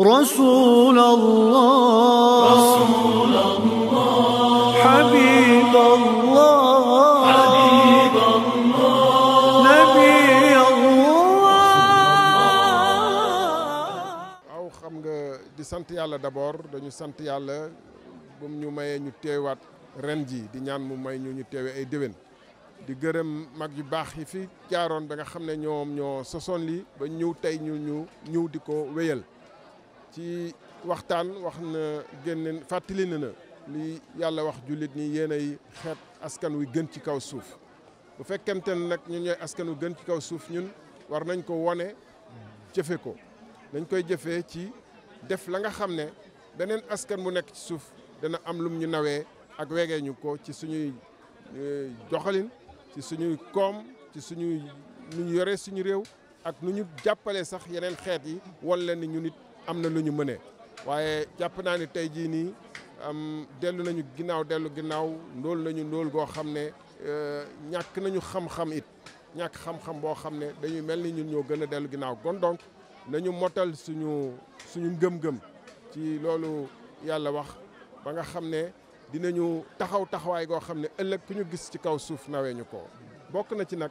رسول الله رسول الله حبيب الله حبيب الله نبي الله waaw xam nga di sant yàlla d'abord dañu sant yàlla bu ñu mayee ñu teewaat ren ji di ñaan mu may ñu ñu teewee ay déwén di gërëm mag yu baax yi fi jaaroon ba nga xam ne ñoom ñoo sosoon lii ba ñëw tey ñu ñu ñëw di ko wéyal ci waxtaan wax na génne fàttali na li yàlla wax jullit ñi yéen ay xeet askan wi gën ci kaw suuf bu fekkente ne nag ñu ñooy askan wi gën ci kaw suuf ñun war nañ ko wone jëfe ko dañ koy jëfe ci def la nga xam ne beneen askan bu nekk ci suuf dana am lum ñu nawee ak wegee ñu ko ci suñuy joxalin eh, ci suñuy koom ci suñuy nu ñu yoree suñu réew ak nu ñu jàppalee sax yeneen xeet yi won leen ñu nit am na lu ñu mëne waaye jàpp naa ne tey jii nii dellu nañu ginnaaw dellu ginnaaw ndóol nañu ndóol goo xam ne euh, ñàkk nañu xam-xam it ñàkk xam-xam boo xam ne dañuy mel ni ñun ñoo gën a dellu ginnaaw kon donc nañu motal suñu suñu ngëm-ngëm ci loolu yàlla wax ba nga xam ne dinañu taxaw taxawaay goo xam ne ëllëg ku ñu gis ci kaw suuf naweeñu ko bokk na ci nag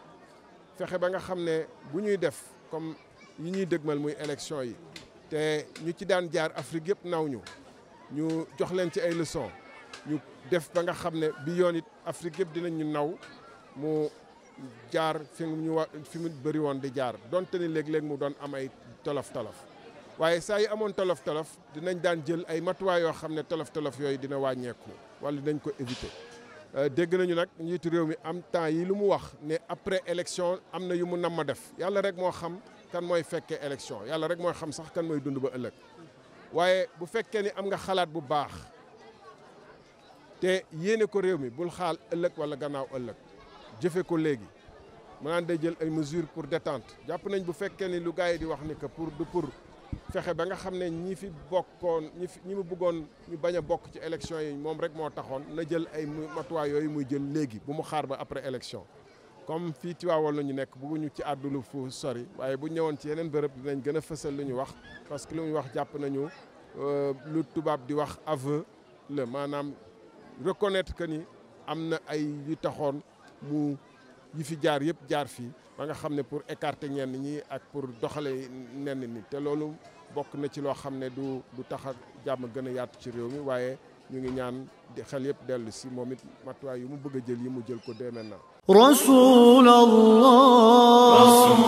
fexe ba nga xam ne bu ñuy def comme yi ñuy dëgmal muy élection yi te ñu ci daan jaar Afrique yëpp naw ñu ñu jox leen ci ay leçon ñu def ba nga xam ne bi yoon it Afrique yëpp dinañ ñu naw mu jaar fi mu ñu wa fi mu bëri woon di jaar donte ni léeg-léeg mu doon am ay tolof-tolof waaye saa yi amoon tolof-tolof dinañ daan jël ay matuwaay yoo xam ne tolof-tolof yooyu dina wàññeeku wala dinañ ko éviter. Euh, dégg nañu nag njiitu réew mi am temps yi lu mu wax ne après élection am na yu mu nam def yàlla rek moo xam. kan mooy fekkee élection yàlla rek mooy xam sax kan mooy dund ba ëllëg waaye bu fekkee ni am nga xalaat bu baax te yéene ko réew mi bul xaal ëllëg wala gannaaw ëllëg jëfe ko léegi mu naan day jël ay mesures pour detant jàpp nañ bu fekkee ni lu gars yi di wax ne que pour pour fexe ba nga xam ne ñi fi bokkoon ñi fi ñi mu bëggoon ñu bañ a bokk ci élection yi moom rek moo taxoon na jël ay matuwaay yooyu muy jël léegi bu mu xaar ba après élection comme fii Tivaouane la ñu nekk bëgguñu ci àddulu fu sori waaye bu ñëwoon ci yeneen bërëb dinañ gën a fësal lu ñu wax parce que lu ñu wax jàpp nañu euh, lu tubaab di wax aveu la maanaam reconnaître que ni am na ay yu taxoon mu yi fi jaar yëpp jaar fi ba nga xam ne pour écarter ñenn ñi ak pour doxale nenn ni te loolu bokk na ci loo xam ne du du tax a jàmm gën a yaatu ci réew mi waaye ñu ngi ñaan di xel yëpp dellu si moom it matuwaay yu mu bëgg a jël yi mu jël ko dee maintenant. Rasulallah.